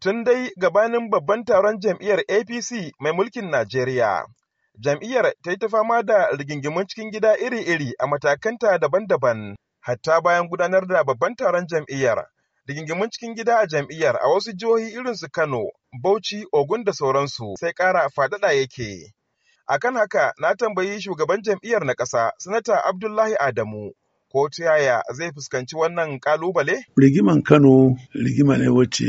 tun dai gabanin babban taron jam'iyyar APC mai mulkin Najeriya. Jam'iyyar ta yi ta fama da rigingimun cikin gida iri-iri a matakanta daban-daban, hatta bayan gudanar da babban taron jam'iyyar. Rigingimun cikin gida a jam'iyyar a wasu jihohi irin su Kano, Bauchi, Ogun da sauransu sai ƙara faɗaɗa yake. Akan haka na tambayi shugaban jam'iyyar na ƙasa, Sanata Abdullahi Adamu, ko ta yaya zai fuskanci wannan kalubale? rigiman kano rigima ne wacce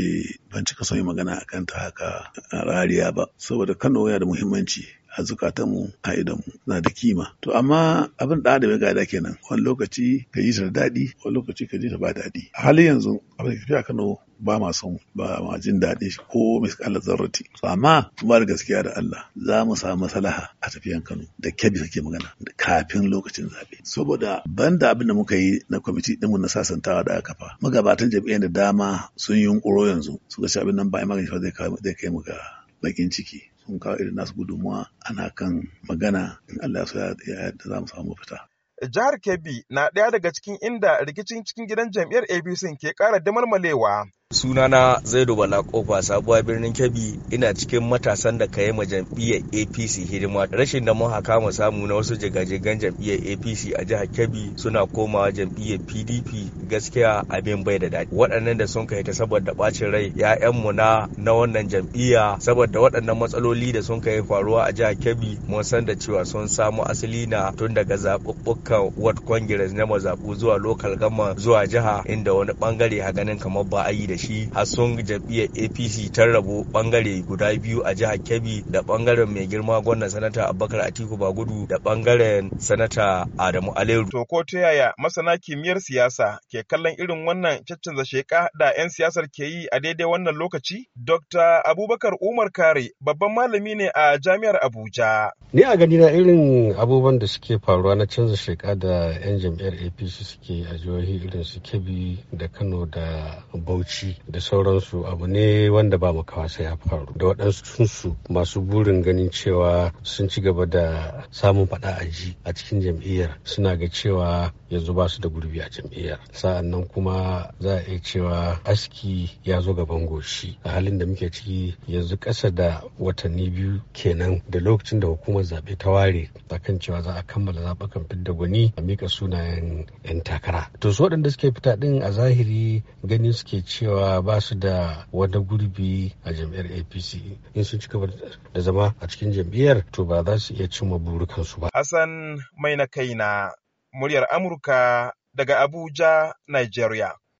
ban cika son magana a kanta haka a rariya ba saboda kano yana da muhimmanci a zukatan mu, a mu na da kima to amma abin da da ga gada kenan wani lokaci ka yi ta daɗi wani lokaci ka ji ta ba daɗi a halin yanzu abin da tafiya Kano ba ma son ba ma jin dadi ko ko miskalar zarrati amma kuma da gaskiya da Allah za mu samu maslaha a tafiyan Kano da kyabi kake magana kafin lokacin zaɓe saboda banda abin da muka yi na kwamiti ɗinmu na sasantawa da aka fa magabatan jami'an da dama sun yi yanzu suka ci abin nan ba magani fa zai kai mu ga bakin ciki sun kawo irin nasu gudunmuwa ana kan magana in Allah ya ya yadda za mu samu fita Jihar Kebbi na ɗaya daga cikin inda rikicin cikin gidan jam'iyyar APC ke ƙara damarmalewa. Sunana Zaidu Bala Kofa sabuwa birnin Kebbi ina cikin matasan da ka yi jam'iyyar APC hidima. Rashin da mun haka mu samu na wasu jigajigan jam'iyyar APC a jihar Kebbi suna komawa jam'iyyar PDP gaskiya abin bai da daɗi. Waɗannan da sun kai ta saboda bacin rai ‘ya'yanmu na na wannan jam'iyya saboda waɗannan matsaloli da sun kai faruwa a jihar Kebbi mun san da cewa sun samu asali na tun daga zaɓuɓɓukan World Congress na mazaɓu zuwa local gama zuwa jiha inda wani ɓangare ha ganin kamar ba a yi da da shi har jam'iyyar apc ta rabu bangare guda biyu a jihar kebbi da bangaren mai girma gwamnan sanata abubakar atiku bagudu da bangaren sanata adamu aleru to ko ta yaya masana kimiyyar siyasa ke kallon irin wannan caccanza sheka da 'yan siyasar ke yi a daidai wannan lokaci dr abubakar umar kare babban malami ne a jami'ar abuja ni a gani na irin abubuwan da suke faruwa na canza sheka da 'yan jam'iyyar apc suke a jihohi irin su kebbi da kano da bauchi rikici da sauransu abu ne wanda ba makawa sai ya faru da waɗansu masu burin ganin cewa sun ci gaba da samun faɗa a ji a cikin jam'iyyar suna ga cewa yanzu ba su da gurbi a jam'iyyar sa'an nan kuma za a iya cewa aski ya zo gaban goshi a halin da muke ciki yanzu ƙasa da watanni biyu kenan da lokacin da hukumar zaɓe ta ware akan cewa za a kammala zaɓukan fidda gwani a mika sunayen 'yan takara to su waɗanda suke fita ɗin a zahiri ganin suke cewa cewa ba su da wani gurbi a jam'iyyar apc in sun ci gaba da zama a cikin jam'iyyar to ba za su iya cimma burukansu ba hassan mai na kai na muryar amurka daga abuja nigeria